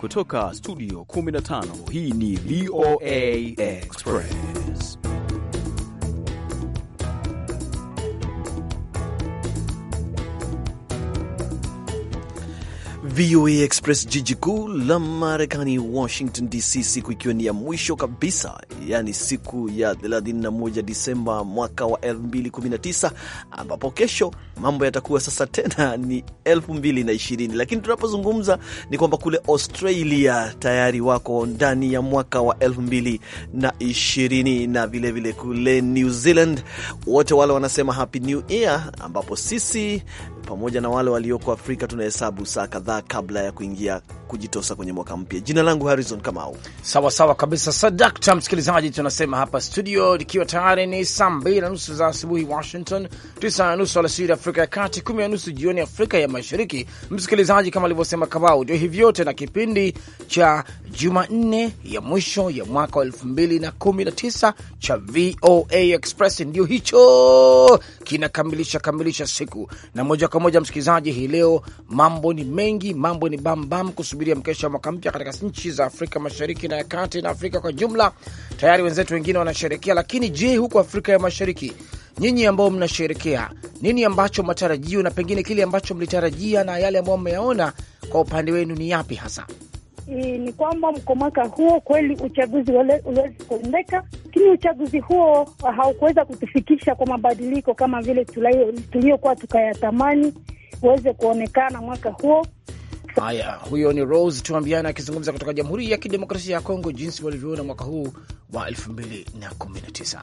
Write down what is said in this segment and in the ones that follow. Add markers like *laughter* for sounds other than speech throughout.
Kutoka studio 15 hii ni VOA Express. VOA Express, jiji kuu la Marekani, Washington DC, siku ikiwa ni ya mwisho kabisa yani siku ya 31 Disemba mwaka wa 2019, ambapo kesho mambo yatakuwa sasa tena ni 2020. Lakini tunapozungumza ni kwamba kule Australia tayari wako ndani ya mwaka wa 2020 na vilevile kule New Zealand wote wale wanasema happy new year, ambapo sisi pamoja na wale walioko Afrika tunahesabu saa kadhaa kabla ya kuingia kujitosa kwenye mwaka mpya. Jina langu Harrison Kamau. Sawa sawa kabisa, sadakta msikilizaji msikilizaji, tunasema hapa studio ikiwa tayari ni saa mbili na nusu za asubuhi Washington, tisa na nusu alasiri Afrika ya Kati, kumi na nusu jioni Afrika ya Mashariki. Msikilizaji, kama alivyosema Kabao, ndio hivi yote na kipindi cha Jumanne ya mwisho ya mwaka wa elfu mbili na kumi na tisa cha VOA Express ndio hicho kinakamilisha kamilisha siku na moja kwa moja. Msikilizaji, hii leo mambo ni mengi, mambo ni bambam bam, kusubiria mkesha wa mwaka mpya katika nchi za Afrika Mashariki na ya Kati na Afrika kwa jumla tayari wenzetu wengine wanasherekea. Lakini je, huko Afrika ya Mashariki, nyinyi ambao mnasherekea, nini ambacho matarajio na pengine kile ambacho mlitarajia na yale ambayo mmeyaona kwa upande wenu ni yapi hasa? I, e, ni kwamba kwa mwaka huo kweli uchaguzi uliwezi kuendeka, lakini uchaguzi huo haukuweza kutufikisha kwa mabadiliko kama vile tuliyokuwa tukayatamani uweze kuonekana mwaka huo. Haya, huyo ni Rose Tuambiana akizungumza kutoka Jamhuri ya Kidemokrasia ya Kongo jinsi walivyoona mwaka huu wa 2019.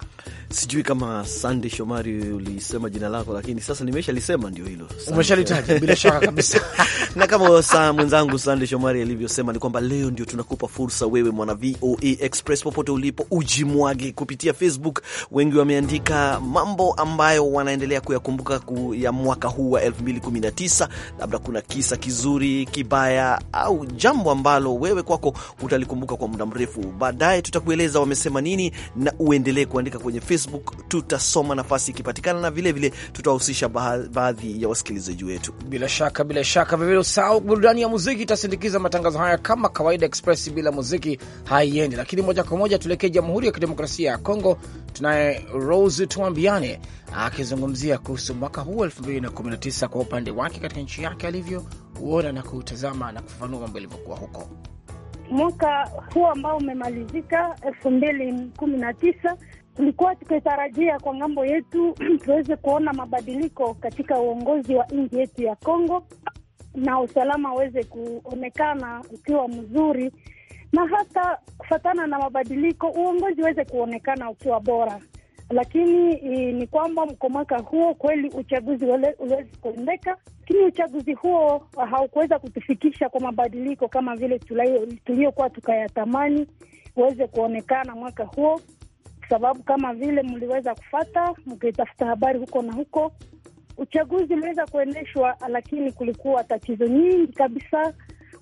Sijui kama Sande Shomari ulisema jina lako, lakini sasa nimeshalisema, ndio hilo umeshalitaja bila shaka kabisa. *laughs* Na kama saa mwenzangu Sande Shomari alivyosema ni kwamba leo ndio tunakupa fursa wewe mwana VOA e Express popote ulipo ujimwage kupitia Facebook. Wengi wameandika mambo ambayo wanaendelea kuyakumbuka ya mwaka huu wa 2019. Labda kuna kisa kizuri, kibaya au jambo ambalo wewe kwako utalikumbuka kwa muda mrefu. Baadaye tutakueleza wame umesema nini, na uendelee kuandika kwenye Facebook, tutasoma nafasi ikipatikana, na vilevile tutawahusisha baadhi ya wasikilizaji wetu. Bila shaka, bila shaka, vilevile usahau burudani ya muziki itasindikiza matangazo haya kama kawaida. Express bila muziki haiendi, lakini moja kwa moja tuelekee Jamhuri ya Kidemokrasia ya Kongo. Tunaye Rose Tuambiane akizungumzia kuhusu mwaka huu 2019 kwa upande wake katika nchi yake alivyo huona na kuutazama na kufafanua mambo yalivyokuwa huko mwaka huu ambao umemalizika elfu mbili kumi na tisa tulikuwa tukitarajia kwa ng'ambo yetu *clears throat* tuweze kuona mabadiliko katika uongozi wa nchi yetu ya Kongo na usalama aweze kuonekana ukiwa mzuri, na hata kufatana na mabadiliko uongozi uweze kuonekana ukiwa bora. Lakini eh, ni kwamba kwa mwaka huo kweli uchaguzi uliwezi kuendeka lakini uchaguzi huo uh, haukuweza kutufikisha kwa mabadiliko kama vile tuliyokuwa tukayatamani uweze kuonekana mwaka huo, sababu kama vile mliweza kufata mkitafuta habari huko na huko, uchaguzi uliweza kuendeshwa, lakini kulikuwa tatizo nyingi kabisa,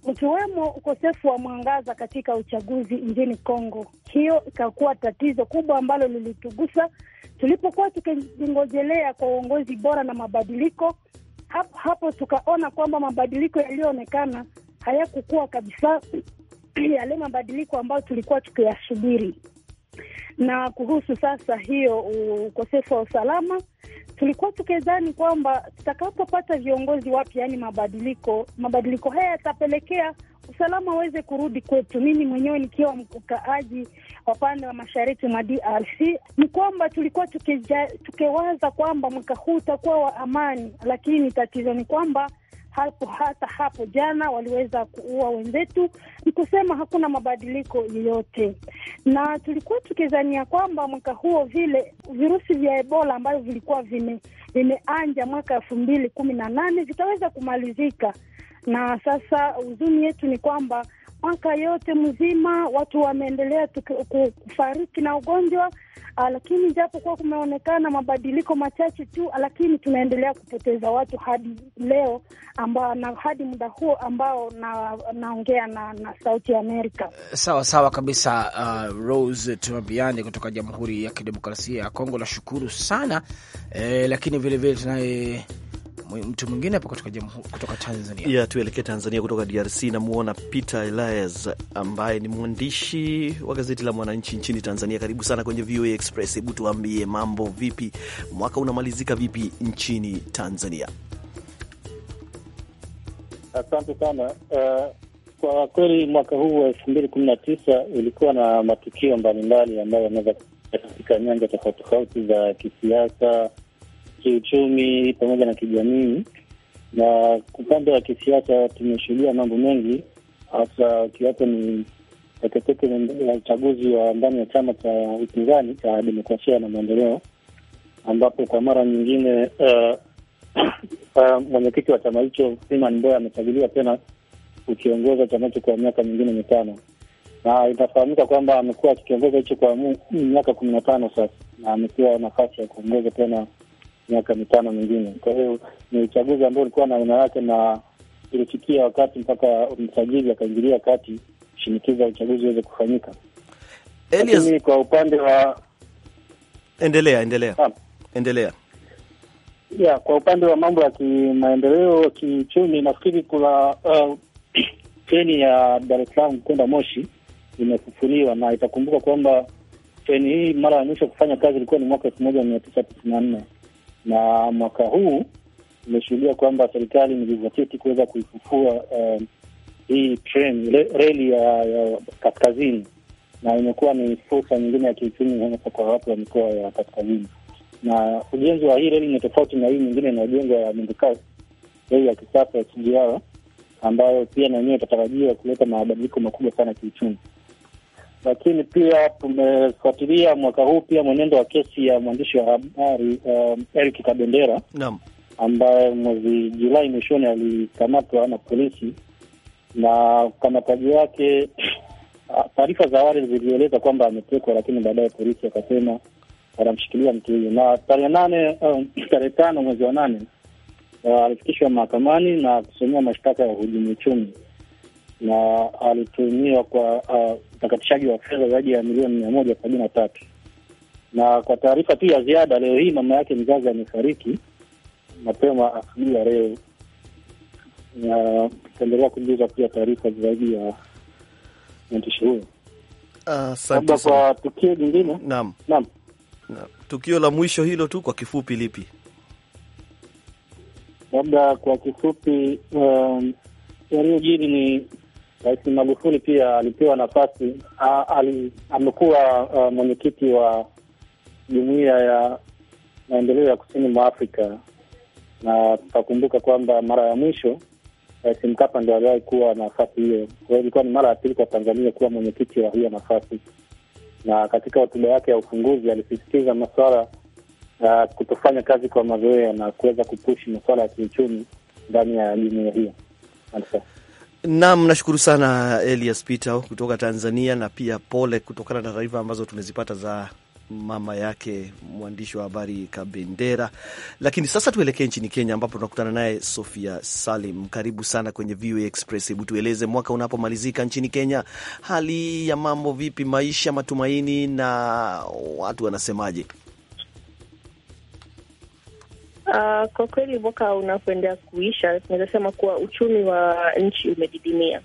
mkiwemo ukosefu wa mwangaza katika uchaguzi nchini Kongo. Hiyo ikakuwa tatizo kubwa ambalo lilitugusa tulipokuwa tukingojelea kwa uongozi bora na mabadiliko hapo hapo tukaona kwamba mabadiliko yaliyoonekana hayakukuwa kabisa *clears throat* yale mabadiliko ambayo tulikuwa tukiyasubiri. Na kuhusu sasa hiyo ukosefu wa usalama, tulikuwa tukidhani kwamba tutakapopata viongozi wapya, yaani mabadiliko, mabadiliko haya yatapelekea usalama uweze kurudi kwetu. Mimi mwenyewe nikiwa mkaaji wa upande wa mashariki mwa DRC ni kwamba tulikuwa tukija, tukiwaza kwamba mwaka huu utakuwa wa amani, lakini tatizo ni kwamba hapo hata hapo jana waliweza kuua wenzetu. Ni kusema hakuna mabadiliko yoyote, na tulikuwa tukizania kwamba mwaka huo vile virusi vya Ebola ambavyo vilikuwa vime vimeanja mwaka elfu mbili kumi na nane vitaweza kumalizika na sasa huzuni yetu ni kwamba mwaka yote mzima watu wameendelea kufariki na ugonjwa, ah, lakini japo kuwa kumeonekana mabadiliko machache tu, lakini tunaendelea kupoteza watu hadi leo na hadi muda huo ambao naongea na, na, na Sauti ya Amerika. Sawa sawa kabisa. Uh, Rose Tumabiani kutoka Jamhuri ya Kidemokrasia ya Kongo, nashukuru sana eh, lakini vilevile tunaye mtu mwingine hapa kutoka, kutoka Tanzania. Yeah, tuelekee Tanzania, kutoka DRC. Namwona Peter Elias ambaye ni mwandishi wa gazeti la Mwananchi nchini Tanzania. Karibu sana kwenye VOA Express. Hebu tuambie mambo vipi, mwaka unamalizika vipi nchini Tanzania? Asante sana uh, kwa kweli mwaka huu wa elfu mbili kumi na tisa ulikuwa na matukio mbalimbali ambayo yameweza katika nyanja tofauti tofauti za kisiasa kiuchumi pamoja na kijamii. Na upande wa kisiasa tumeshuhudia mambo mengi, hasa kiwapo ni teketeke ya uchaguzi wa ndani ya chama cha upinzani cha Demokrasia na Maendeleo, ambapo kwa mara nyingine uh, uh, *coughs* mwenyekiti wa chama hicho Freeman Mbowe amechaguliwa tena ukiongoza chama hicho kwa miaka mingine mitano na itafahamika kwamba amekuwa akikiongoza hicho kwa miaka kumi na tano sasa, na amekuwa nafasi ya kuongoza tena miaka mitano mingine. Kwa hiyo ni uchaguzi ambao ulikuwa na aina yake, na ilifikia wakati mpaka msajili akaingilia kati shinikiza uchaguzi uweze kufanyika. Lakini kwa upande wa endelea endelea ha. endelea ya kwa upande wa mambo ya kimaendeleo kiuchumi, nafikiri kuna treni uh, *clears throat* ya Dar es Salaam kwenda Moshi imefufuliwa, na itakumbuka kwamba treni hii mara ya mwisho kufanya kazi ilikuwa ni mwaka elfu moja mia tisa tisini na nne na mwaka huu imeshuhudia kwamba serikali imejizatiti kuweza kuifufua eh, hii treni reli ya, ya kaskazini na imekuwa ni fursa nyingine ya kiuchumi hasa kwa watu wa mikoa ya kaskazini. Na ujenzi wa hii reli ni tofauti na hii nyingine inayojengwa ya mwendokasi, reli ya kisasa ya SGR ambayo pia na yenyewe itatarajiwa kuleta mabadiliko makubwa sana kiuchumi lakini pia tumefuatilia mwaka huu pia mwenendo wa kesi ya mwandishi wa habari uh, Eric Kabendera naam, ambaye mwezi Julai mwishoni alikamatwa na polisi, na ukamataji wake *clears throat* taarifa za awali zilieleza kwamba ametekwa, lakini baadaye polisi akasema wanamshikilia mtu huyu, na tarehe nane um, *clears throat* tarehe tano mwezi wa nane uh, alifikishwa mahakamani na kusomewa mashtaka ya uhujumu uchumi na alitumiwa kwa utakatishaji uh, wa fedha zaidi ya milioni mia moja sabini na tatu. Na kwa taarifa tu ya ziada, leo hii mama yake mzazi amefariki mapema asubuhi ya leo, na tutaendelea kujuza pia taarifa zaidi ya mwandishi huyo. Labda kwa tukio lingine, naam, naam, tukio la mwisho hilo tu kwa kifupi, lipi? Labda kwa kifupi, um, yaliyojiri ni Rais Magufuli pia alipewa nafasi, amekuwa uh, mwenyekiti wa jumuiya ya maendeleo ya kusini mwa Afrika, na tutakumbuka kwamba mara ya mwisho Rais Mkapa ndi aliwahi kuwa nafasi hiyo. Kwa hiyo ilikuwa ni mara ya pili kwa Tanzania kuwa mwenyekiti wa hiyo nafasi, na katika hotuba yake ya ufunguzi alisisitiza masuala ya uh, kutofanya kazi kwa mazoea na kuweza kupushi masuala ya kiuchumi ndani ya jumuiya hiyo. Asante. Naam, nashukuru sana Elias Peter kutoka Tanzania na pia pole kutokana na taarifa ambazo tumezipata za mama yake mwandishi wa habari Kabendera. Lakini sasa tuelekee nchini Kenya ambapo tunakutana naye Sofia Salim. Karibu sana kwenye VOA Express. Hebu tueleze, mwaka unapomalizika nchini Kenya, hali ya mambo vipi? Maisha, matumaini na watu wanasemaje? Uh, kwa kweli mwaka unapoendea kuisha, tunaweza sema kuwa uchumi wa nchi umedidimia.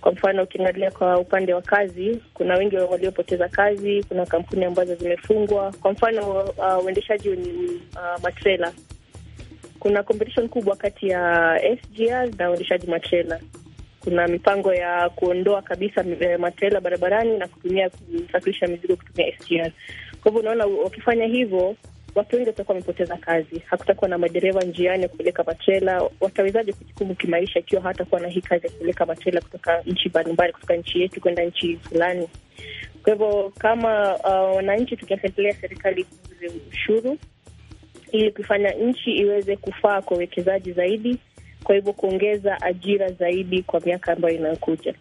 Kwa mfano, ukiangalia kwa upande wa kazi, kuna wengi waliopoteza kazi, kuna kampuni ambazo zimefungwa. Kwa mfano, ah, uendeshaji uh, ni uh, matrela, kuna competition kubwa kati ya SGR na uendeshaji matrela. Kuna mipango ya kuondoa kabisa eh, matrela barabarani na kutumia kusafirisha mizigo kutumia SGR. Kwa hivyo unaona, wakifanya hivyo watu wengi watakuwa wamepoteza kazi, hakutakuwa na madereva njiani ya kupeleka machela. Watawezaje kujikimu kimaisha ikiwa hawatakuwa na hii kazi ya kupeleka machela kutoka nchi mbalimbali, kutoka nchi yetu kwenda nchi fulani? Kwa hivyo kama uh, wananchi tukipendelea serikali ipunguze ushuru ili kuifanya nchi iweze kufaa kwa uwekezaji zaidi, kwa hivyo kuongeza ajira zaidi kwa miaka ambayo inayokuja.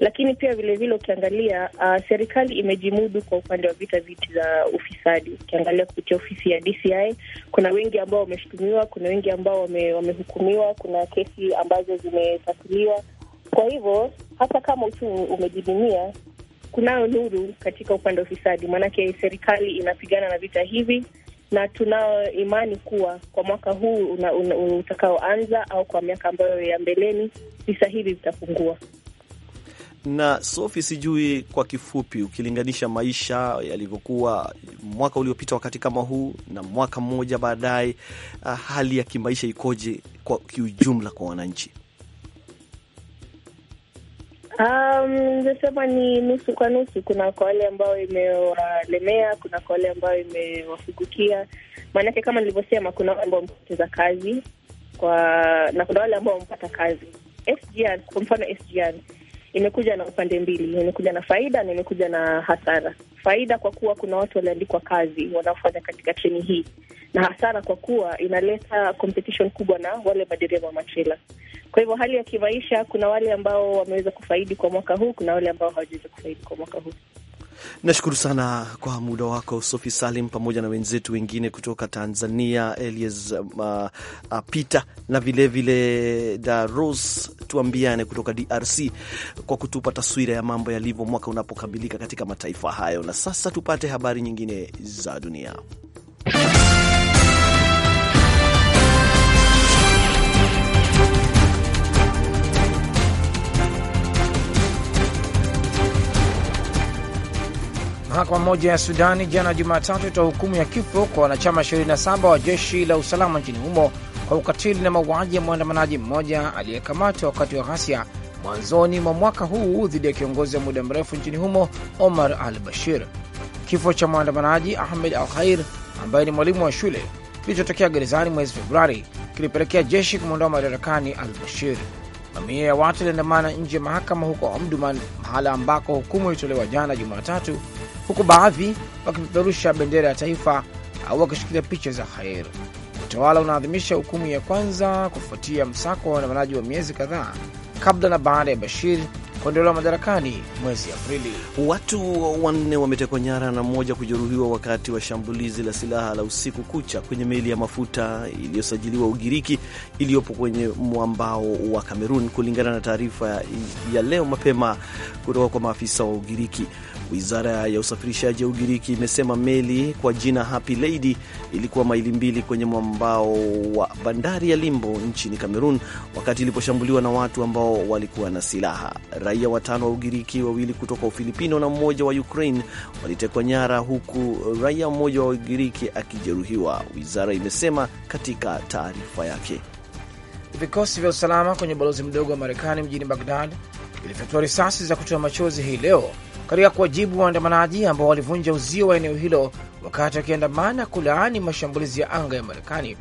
Lakini pia vilevile ukiangalia uh, serikali imejimudu kwa upande wa vita viti za ufisadi. Ukiangalia kupitia ofisi ya DCI kuna wengi ambao wameshutumiwa, kuna wengi ambao wame, wamehukumiwa, kuna kesi ambazo zimetatuliwa. Kwa hivyo hata kama uchumi umejidimia, kunayo nuru katika upande wa ufisadi, maanake serikali inapigana na vita hivi na tunao imani kuwa kwa mwaka huu utakaoanza au kwa miaka ambayo ya mbeleni visa hivi vitapungua. Na Sofi, sijui kwa kifupi, ukilinganisha maisha yalivyokuwa mwaka uliopita wakati kama huu na mwaka mmoja baadaye, ah, hali ya kimaisha ikoje kwa kiujumla kwa wananchi? Nasema um, ni nusu kwa nusu. Kuna kwa wale ambao imewalemea, kuna kwa wale ambao imewafugukia. Maanake kama nilivyosema, kuna wale ambao wamepoteza kazi kwa na kuna wale ambao wamepata kazi. SGR, kwa mfano SGR imekuja na upande mbili, imekuja na faida na imekuja na hasara. Faida kwa kuwa kuna watu walioandikwa kazi wanaofanya katika treni hii, na hasara kwa kuwa inaleta competition kubwa na wale madereva wa matrela. Kwa hivyo hali ya kimaisha, kuna wale ambao wameweza kufaidi kwa mwaka huu, kuna wale ambao hawajaweza kufaidi kwa mwaka huu. Nashukuru sana kwa muda wako Sofi Salim, pamoja na wenzetu wengine kutoka Tanzania, Elias uh, uh, Peter na vilevile Daros tuambiane kutoka DRC kwa kutupa taswira ya mambo yalivyo mwaka unapokamilika katika mataifa hayo. Na sasa tupate habari nyingine za dunia. Mahakama moja ya Sudani jana Jumatatu itoa hukumu ya kifo kwa wanachama 27 wa jeshi la usalama nchini humo kwa ukatili na mauaji ya mwandamanaji mmoja aliyekamatwa wakati wa ghasia mwanzoni mwa mwaka huu dhidi ya kiongozi wa muda mrefu nchini humo Omar al Bashir. Kifo cha mwandamanaji Ahmed al Khair ambaye ni mwalimu wa shule kilichotokea gerezani mwezi Februari kilipelekea jeshi kumwondoa madarakani al Bashir. Mamia ya watu yaliandamana nje ya mahakama huko Omduman, mahala ambako hukumu ilitolewa jana Jumatatu huku baadhi wakipeperusha bendera ya taifa au wakishikilia picha za khair. Utawala unaadhimisha hukumu ya kwanza kufuatia msako wa waandamanaji wa miezi kadhaa kabla na baada ya Bashir kuondolewa madarakani mwezi Aprili. Watu wanne wametekwa nyara na mmoja kujeruhiwa wakati wa shambulizi la silaha la usiku kucha kwenye meli ya mafuta iliyosajiliwa Ugiriki iliyopo kwenye mwambao wa Kamerun, kulingana na taarifa ya leo mapema kutoka kwa maafisa wa Ugiriki. Wizara ya usafirishaji ya Ugiriki imesema meli kwa jina Happy Lady ilikuwa maili mbili kwenye mwambao wa bandari ya Limbo nchini Kamerun wakati iliposhambuliwa na watu ambao walikuwa na silaha. Raia watano wa Ugiriki, wawili kutoka Ufilipino na mmoja wa Ukraine walitekwa nyara, huku raia mmoja wa Ugiriki akijeruhiwa, wizara imesema katika taarifa yake. Vikosi vya usalama kwenye ubalozi mdogo wa Marekani mjini Bagdad vilifyatua risasi za kutoa machozi hii leo katika kuwajibu waandamanaji ambao walivunja uzio wa eneo hilo wakati wakiandamana kulaani mashambulizi ya anga ya Marekani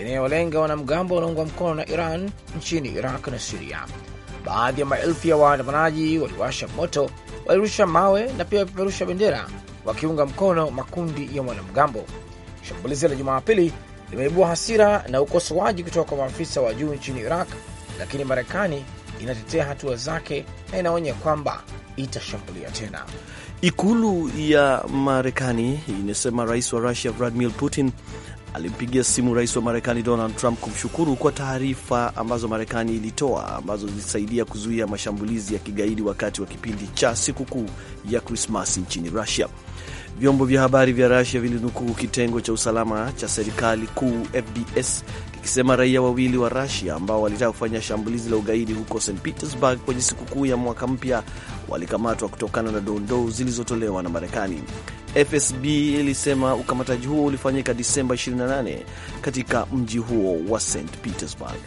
inayolenga wanamgambo wanaungwa mkono na Iran nchini Iraq na Siria. Baadhi ya maelfu ya waandamanaji waliwasha moto, walirusha mawe na pia wapeperusha bendera wakiunga mkono makundi ya wanamgambo. Shambulizi la Jumapili limeibua hasira na ukosoaji kutoka kwa maafisa wa juu nchini Iraq, lakini Marekani inatetea hatua zake na inaonya kwamba itashambulia tena. Ikulu ya Marekani inasema rais wa Rusia Vladimir Putin alimpigia simu rais wa Marekani Donald Trump kumshukuru kwa taarifa ambazo Marekani ilitoa ambazo zilisaidia kuzuia mashambulizi ya kigaidi wakati wa kipindi cha sikukuu ya Krismasi nchini Rusia. Vyombo vya habari vya Rusia vilinukuu kitengo cha usalama cha serikali kuu FBS ikisema raia wawili wa Rusia ambao walitaka kufanya shambulizi la ugaidi huko St Petersburg kwenye sikukuu ya mwaka mpya walikamatwa kutokana na dondoo zilizotolewa na Marekani. FSB ilisema ukamataji huo ulifanyika Disemba 28 katika mji huo wa St Petersburg.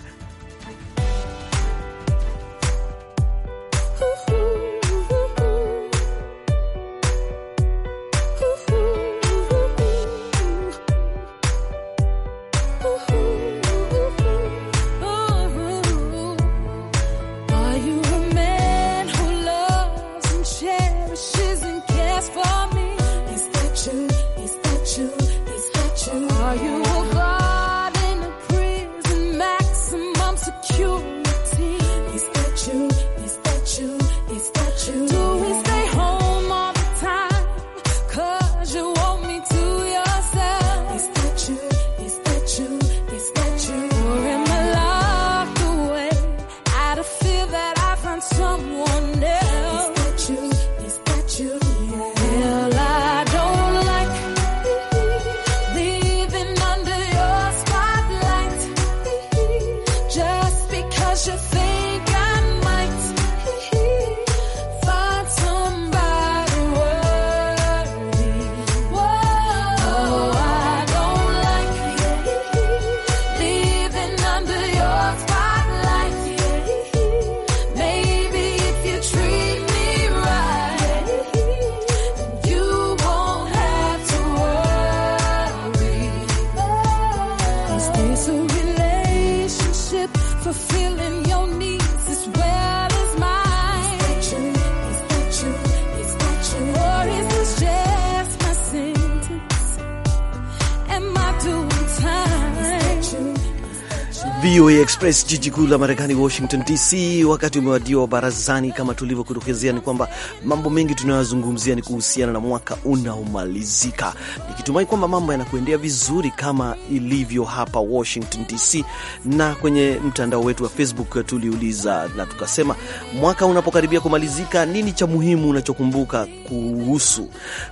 VOA Express, jiji kuu la Marekani, Washington DC. Wakati umewadia wa barazani. Kama tulivyokutokezea, ni kwamba mambo mengi tunayozungumzia ni kuhusiana na mwaka unaomalizika, nikitumai kwamba mambo yanakuendea vizuri kama ilivyo hapa Washington DC. Na kwenye mtandao wetu wa Facebook tuliuliza na tukasema, mwaka unapokaribia kumalizika, nini cha muhimu unachokumbuka kuhusu?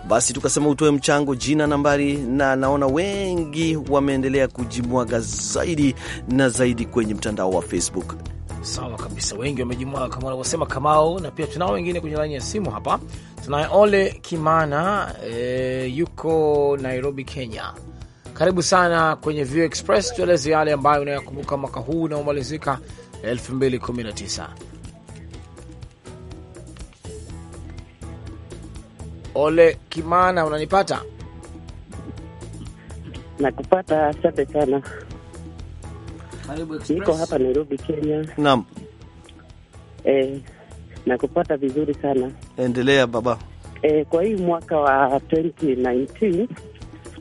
Basi tukasema utoe mchango, jina, nambari, na naona wengi wameendelea kujimwaga zaidi na zaidi zaidi kwenye mtandao wa Facebook. Sawa kabisa, wengi wamejumua kama wanavyosema Kamao, na pia tunao wengine kwenye laini ya simu hapa. Tunaye Ole Kimana e, yuko Nairobi, Kenya. Karibu sana kwenye View Express, tueleze yale ambayo unayakumbuka mwaka huu unaomalizika 2019. Ole Kimana, unanipata? Nakupata, asante sana niko hapa Nairobi, Kenya. Naam. Eh, nakupata vizuri sana. Endelea baba. Eh, kwa hii mwaka wa 2019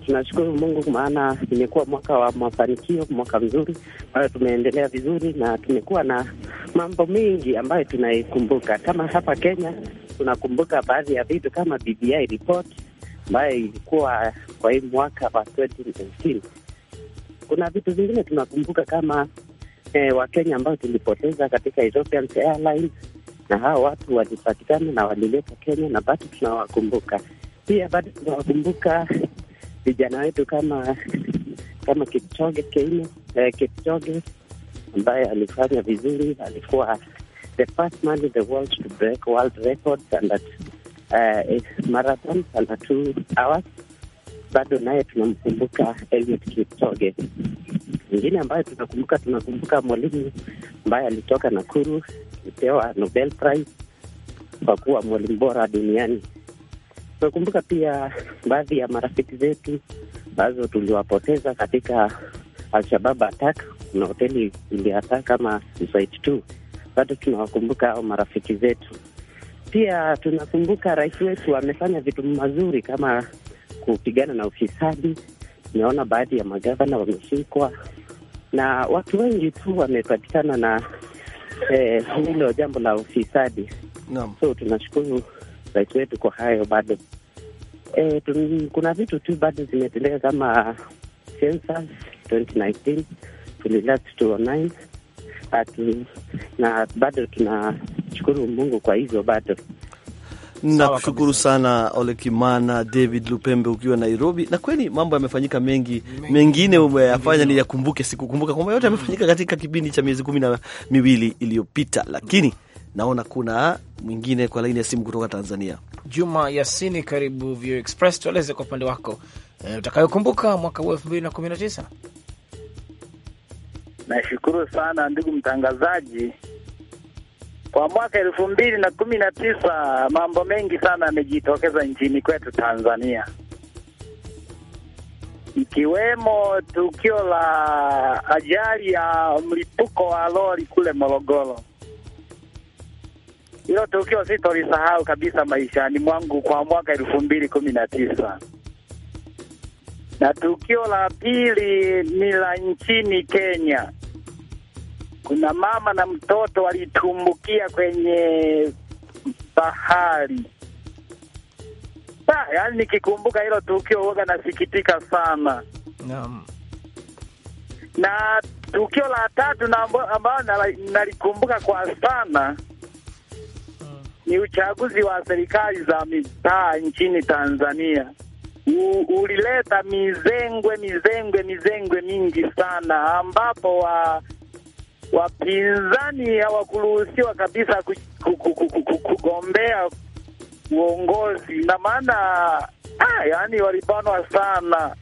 tunashukuru Mungu maana imekuwa mwaka wa mafanikio, mwaka mzuri ambayo tumeendelea vizuri, na tumekuwa na mambo mengi ambayo tunaikumbuka. Kama hapa Kenya tunakumbuka baadhi ya vitu kama BBI report ambayo ilikuwa kwa hii mwaka wa 2019 kuna vitu vingine tunakumbuka kama eh, Wakenya ambao tulipoteza katika Ethiopian Airlines, na hao watu walipatikana na walileta Kenya na bado tunawakumbuka. Pia bado tunawakumbuka vijana wetu kama kama Kipchoge Keino, eh, Kipchoge ambaye alifanya vizuri, alikuwa the first man in the world to break world records and uh, marathon under two hours bado naye tunamkumbuka Eliud Kipchoge. Mwingine ambaye tunakumbuka, tunakumbuka mwalimu ambaye alitoka Nakuru, kupewa Nobel Prize kwa kuwa mwalimu bora duniani. Tunakumbuka pia baadhi ya marafiki zetu ambazo tuliwapoteza katika Alshabab attack na hoteli iliataa kama Suicide 2. bado tunawakumbuka hao marafiki zetu. Pia tunakumbuka rais wetu amefanya vitu mazuri kama kupigana na ufisadi. Tumeona baadhi ya magavana wameshikwa na watu wengi tu wamepatikana na eh, hilo eh, jambo la ufisadi So tunashukuru rais wetu kwa hayo bado. Eh, tum, kuna vitu tu bado zimetendeka kama sensa 2019 tulilat tuonai na bado tunashukuru Mungu kwa hizo bado Nakushukuru sana Ole Kimana, David Lupembe ukiwa Nairobi. Na kweli mambo yamefanyika mengi, mengine umeyafanya ni yakumbuke, sikukumbuka kwamba yote yamefanyika katika kipindi cha miezi kumi na miwili iliyopita, lakini naona kuna mwingine kwa laini ya simu kutoka Tanzania. Juma Yasini, karibu Vio Express, tueleze kwa upande wako e, utakayokumbuka mwaka huu elfu mbili na kumi na tisa. Nashukuru sana ndugu mtangazaji kwa mwaka elfu mbili na kumi na tisa mambo mengi sana yamejitokeza nchini kwetu Tanzania, ikiwemo tukio la ajali ya mlipuko wa lori kule Morogoro. Hilo tukio sitolisahau kabisa maishani mwangu kwa mwaka elfu mbili kumi na tisa. Na tukio la pili ni la nchini Kenya kuna mama na mtoto walitumbukia kwenye bahari. Ah, yaani, nikikumbuka hilo tukio huwaga nasikitika sana. Naam. Na tukio la tatu na ambalo nalikumbuka kwa sana hmm, ni uchaguzi wa serikali za mitaa nchini Tanzania. U, ulileta mizengwe mizengwe mizengwe mingi sana ambapo wa wapinzani hawakuruhusiwa kabisa kugombea uongozi, na maana ah, yani walibanwa sana.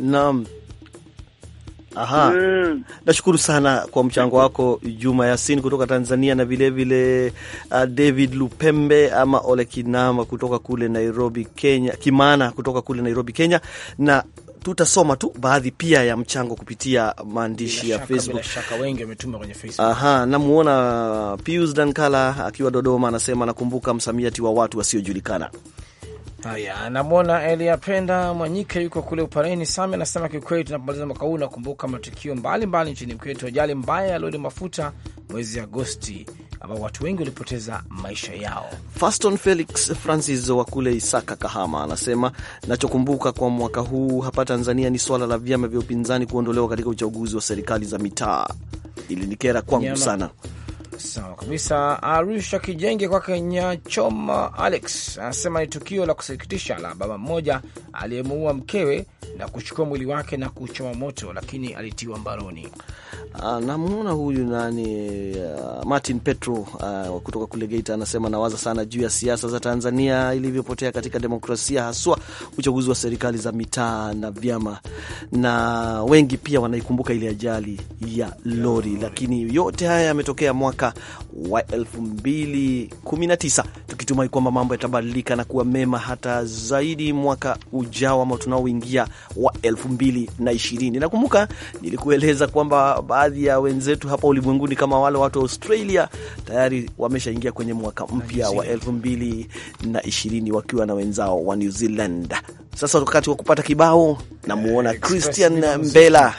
Naam. Aha. Mm. Nashukuru sana kwa mchango wako Juma Yasin kutoka Tanzania na vilevile uh, David Lupembe ama Ole Kinama kutoka kule Nairobi, Kenya, Kimana kutoka kule Nairobi, Kenya na tutasoma tu baadhi pia ya mchango kupitia maandishi ya Facebook. Aha, namuona Pius Dankala akiwa Dodoma, anasema anakumbuka msamiati wa watu wasiojulikana. Haya, namwona Elia Penda Mwanyike yuko kule Upareni Same, anasema kiukweli, tunapomaliza mwaka huu nakumbuka matukio mbalimbali nchini kwetu, ajali mbaya ya lori mafuta mwezi Agosti ambao watu wengi walipoteza maisha yao. Faston Felix Francis wa kule Isaka, Kahama, anasema nachokumbuka kwa mwaka huu hapa Tanzania ni swala la vyama vya upinzani kuondolewa katika uchaguzi wa serikali za mitaa. Ilinikera kwangu sana. Sawa kabisa. Arusha Kijenge kwa Kenya Choma Alex anasema ni tukio la kusikitisha la baba mmoja aliyemuua mkewe na kuchukua mwili wake na kuchoma moto, lakini alitiwa mbaroni. Ah, namwona huyu nani, uh, Martin Petro uh, kutoka kule Geita anasema nawaza sana juu ya siasa za Tanzania ilivyopotea katika demokrasia, haswa uchaguzi wa serikali za mitaa na vyama, na wengi pia wanaikumbuka ile ajali ya lori. Lakini yote haya yametokea mwaka wa 2019 tukitumai kwamba mambo yatabadilika na kuwa mema hata zaidi mwaka ujao ambao tunaoingia wa 2020. Nakumbuka nilikueleza kwamba baadhi ya wenzetu hapa ulimwenguni kama wale watu wa Australia tayari wameshaingia kwenye mwaka mpya wa 2020 wakiwa na wenzao wa New Zealand. Sasa wakati wa kupata kibao, namuona eh, Christian Mbela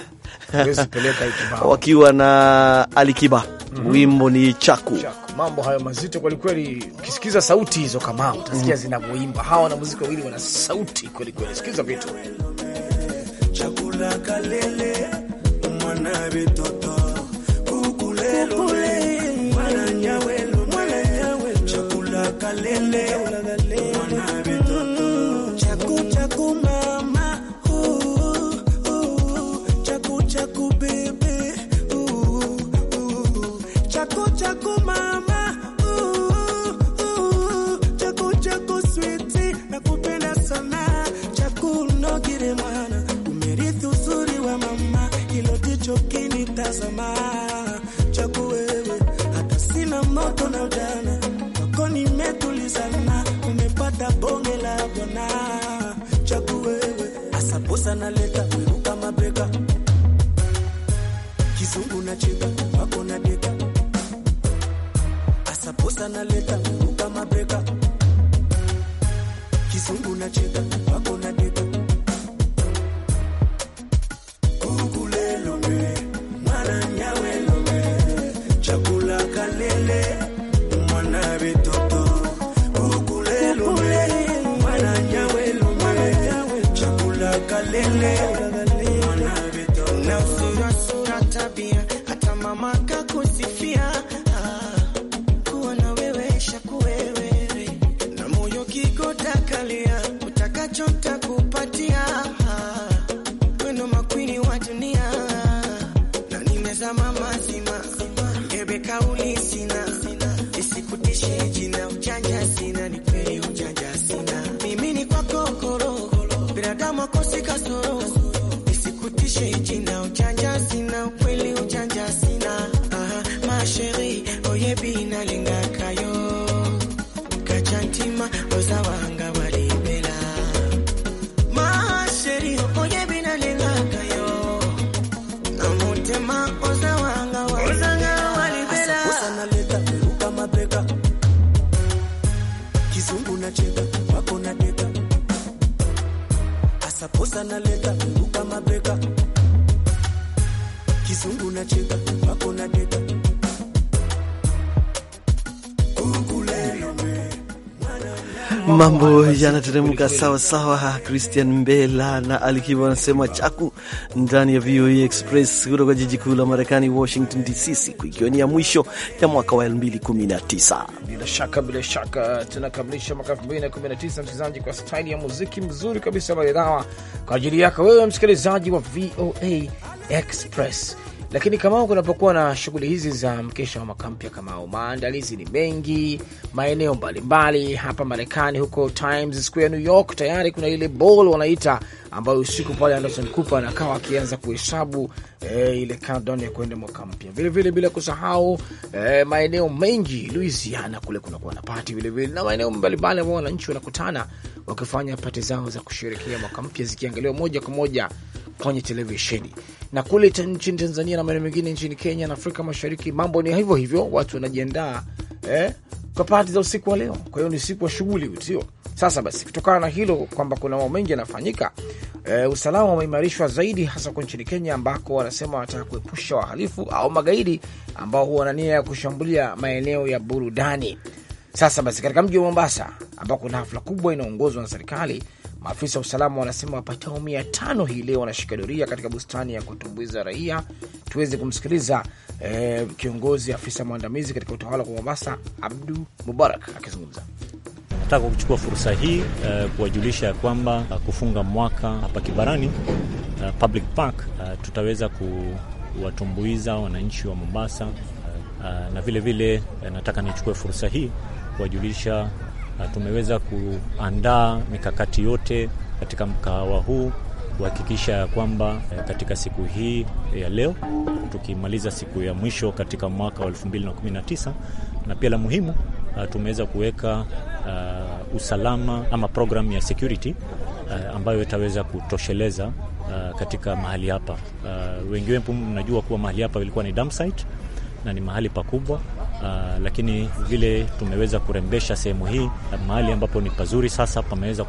*laughs* wakiwa na Alikiba mm Wimbo ni chaku. Chaku, mambo hayo mazito kweli kweli. Ukisikiza sauti hizo kama utasikia mm-hmm. mm zinavyoimba hawa na muziki wawili wana sauti kweli kweli, sikiza vitu chakula kalele mwana vitoto kukulele mwana nyawe mwana nyawe chakula kalele sura, tabia, hata mama kakusifia Saposa na leta nduka mabeka, kizungu na cheka mako na deka Mambo yanateremka sawa sawa. Christian Mbela na Alikiba wanasema chaku ndani ya VOA Express kutoka jiji kuu la Marekani, Washington DC, siku ikiwa ni ya mwisho ya mwaka wa 2019. Bila shaka, bila shaka tunakamilisha mwaka 2019, msikilizaji, kwa staili ya muziki mzuri kabisa maridhawa kwa ajili yako wewe msikilizaji wa VOA Express. Lakini kama kunapokuwa na shughuli hizi za mkesha wa mwaka mpya, Kamao, maandalizi ni mengi maeneo mbalimbali hapa Marekani, huko Times Square New York tayari kuna ile ball wanaita, ambayo usiku pale Anderson Cooper anakawa akianza kuhesabu eh, ile countdown ya kuenda mwaka mpya. Vilevile bila kusahau eh, maeneo mengi Louisiana kule kunakuwa na pati vilevile, na maeneo mbalimbali ambao wananchi wanakutana wakifanya pati zao za kusherekea mwaka mpya zikiangaliwa moja kwa moja kwenye televisheni. Na kule nchini Tanzania na maeneo mengine nchini Kenya na Afrika Mashariki, mambo ni hivyo hivyo, watu wanajiandaa eh, kwa pati za usiku wa leo. Kwa hiyo ni usiku wa shughuli, sio? Sasa basi, kutokana na hilo kwamba kuna mambo mengi yanafanyika, e, usalama umeimarishwa zaidi, hasa kwa nchini Kenya ambako wanasema wanataka kuepusha wahalifu au magaidi ambao huwa na nia ya kushambulia maeneo ya burudani. Sasa basi, katika mji wa Mombasa ambako kuna hafla kubwa inaongozwa na serikali Maafisa wa usalama wanasema wapatao mia tano hii leo wanashika doria katika bustani ya kutumbuiza raia. Tuweze kumsikiliza eh, kiongozi afisa mwandamizi katika utawala kwa Mombasa, Abdu Mubarak akizungumza. Nataka kuchukua fursa hii eh, kuwajulisha ya kwamba eh, kufunga mwaka hapa Kibarani eh, public park eh, tutaweza kuwatumbuiza wananchi wa Mombasa eh, eh na vilevile vile, eh, nataka nichukue fursa hii kuwajulisha na tumeweza kuandaa mikakati yote katika mkahawa huu kuhakikisha ya kwamba eh, katika siku hii eh, ya leo tukimaliza siku ya mwisho katika mwaka wa 2019 na pia la muhimu eh, tumeweza kuweka uh, usalama ama programu ya security uh, ambayo itaweza kutosheleza uh, katika mahali hapa. Uh, wengi wepo mnajua kuwa mahali hapa ilikuwa ni dump site na ni mahali pakubwa Uh, lakini vile tumeweza kurembesha sehemu hii mahali ambapo ni pazuri sasa, pameweza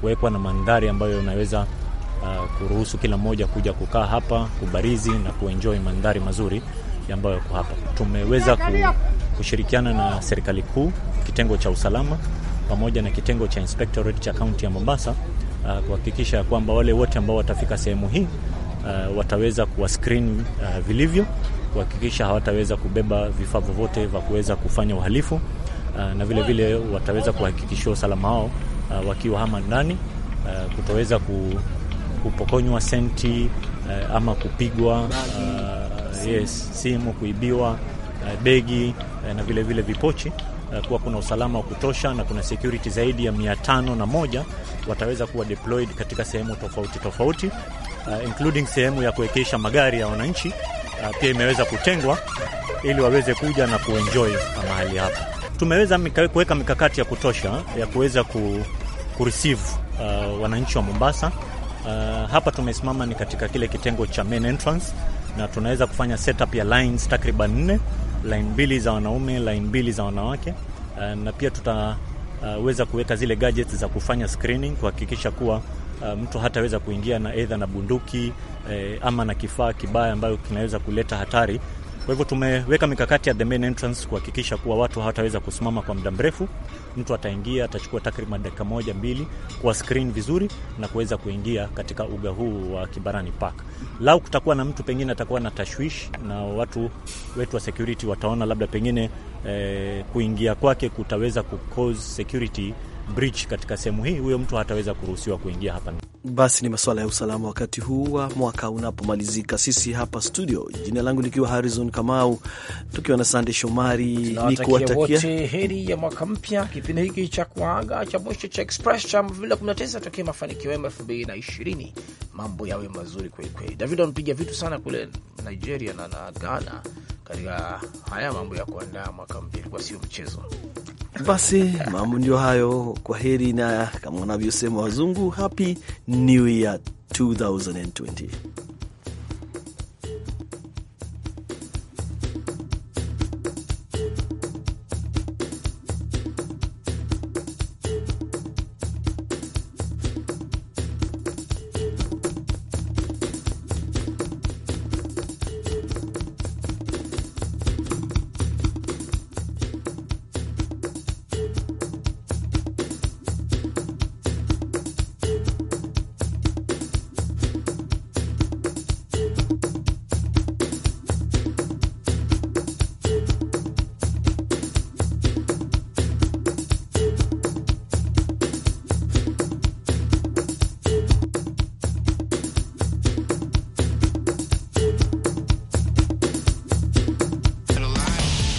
kuwekwa na mandhari ambayo unaweza uh, ah, kuruhusu kila mmoja kuja kukaa hapa kubarizi na kuenjoy mandhari mazuri ambayo yako hapa. Tumeweza kushirikiana na serikali kuu, kitengo cha usalama pamoja na kitengo cha inspectorate cha kaunti ya Mombasa uh, kuhakikisha kwamba wale wote ambao watafika sehemu hii uh, wataweza kuwa screen uh, vilivyo kuhakikisha hawataweza kubeba vifaa vyovyote vya kuweza kufanya uhalifu uh, na vile vile wataweza kuhakikishia usalama wao uh, wakiwa hama ndani, uh, kutoweza kupokonywa senti ama kupigwa, yes, simu kuibiwa, begi na vile vile vipochi kuwa kuna usalama wa kutosha na kuna security zaidi ya mia tano na moja wataweza kuwa deployed katika sehemu tofauti tofauti, uh, including sehemu ya kuwekesha magari ya wananchi Ah, pia imeweza kutengwa ili waweze kuja na kuenjoy mahali hapa. Tumeweza mika, kuweka mikakati ya kutosha eh, ya kuweza ku, ku receive uh, wananchi wa Mombasa. Uh, hapa tumesimama ni katika kile kitengo cha main entrance na tunaweza kufanya setup ya lines takriban nne, line mbili za wanaume, line mbili za wanawake uh, na pia tutaweza uh, kuweka zile gadgets za kufanya screening kuhakikisha kuwa Eh, mtu hataweza kuingia na aidha na bunduki eh, ama na kifaa kibaya ambayo kinaweza kuleta hatari. Kwa hivyo tumeweka mikakati ya the main entrance kuhakikisha kuwa watu hawataweza kusimama kwa muda mrefu. Mtu ataingia, atachukua takriban dakika moja mbili kwa screen vizuri na kuweza kuingia katika uga huu wa Kibarani Park. Lau kutakuwa na mtu pengine atakuwa na tashwishi na watu wetu wa security wataona labda pengine eh, kuingia kwake kutaweza ku cause security bridge katika sehemu hii, huyo mtu hataweza kuruhusiwa kuingia hapa. Basi ni masuala ya usalama wakati huu wa mwaka unapomalizika. Sisi hapa studio, jina langu nikiwa Harrison Kamau, tukiwa na Sande Shomari, ni kuwatakia heri ya mwaka mpya, kipindi hiki cha kuaga cha mwisho cha Express cha mvila 19 tokee mafanikio yema 2020 mambo yawe mazuri kwelikweli. David anapiga vitu sana kule Nigeria na, na Ghana katika haya mambo ya kuandaa mwaka mpya, ilikuwa sio mchezo. Basi mambo ndio hayo. Kwa heri, na kama wanavyosema wazungu, happy new year 2020.